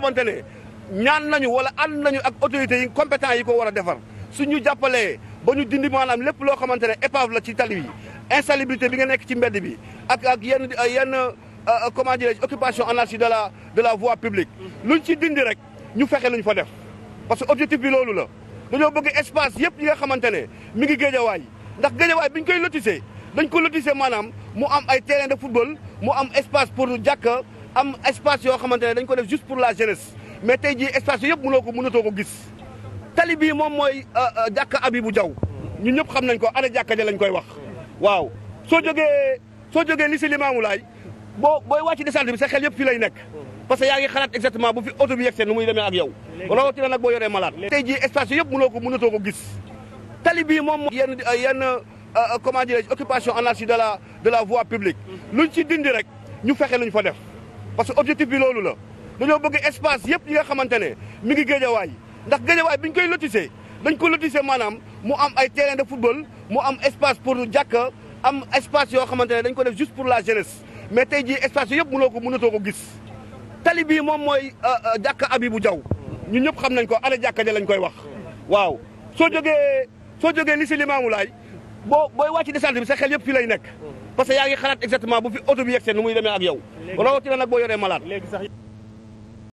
xamante ne ñaan nañu wala ànd nañu ak autorités yi compétent yi ko war a defar ñu jàppalee ba ñu dindi maanaam lépp loo xamante ne épave la ci tali bi insalubrité bi nga nekk ci mbedd bi ak ak yenn yenn euh, comment dirais-je occupation anarchique de la de la voie publique luñ ci dindi rek ñu fexe luñ fa def parce que objectif bi loolu la dañoo bëgg espace yëpp yi nga xamante ne mi ngi géejawaay ndax géejawaay bi ñu koy lotissé dañ ko lotissé maanaam mu am ay terrain de football mu am espace pour jàkka am espace yoo xamante ne dañ ko def juste pour la jeunesse mais tey jii espace yooyu yëpp mënoo ko mënatoo ko gis tali bii moom mooy euh, euh, jàkka Abibou Diaw ñun ñëpp xam nañ ko ana jàkka ja lañ koy wax waaw soo jógee soo jógee lycée Limamoulaye boo booy wàcc descente bi sa xel yëpp fii lay nekk parce que yaa ngi xalaat exactement bu fi oto bi yegsee nu muy demee ak yow rawatina nag boo yoree malade tey jii espace yooyu yëpp mënoo ko mënatoo ko gis tali bii moom yenn euh, yenn comment dirais-je occupation anarchique la de la voie publique luñ ci dindi rek ñu fexe luñ fa def parce que objectif bi loolu la dañoo bëgg espace yëpp yi nga xamante ne mi ngi géejawaay ndax géejawaay biñ koy lotissé dañ ko lotissé maanaam mu am ay terrain de football mu am espace pour jàkka am espace yoo xamante ne dañ ko def juste pour la jeunesse mais tey ji espace yëpp mënoo ko mënatoo ko gis tali bii moom mooy euh, euh, abi bu Diaw ñun ñëpp xam nañ ko ana jàkka ja lañ koy wax waaw soo jógee soo jógee lycée Limamoulaye boo booy wàcc descente bi sa xel yëpp fii lay nekk parce que yaa ngi xalaat exactement bu fi oto bi yegsee nu muy demee ak yow rawatina nag boo yoree malade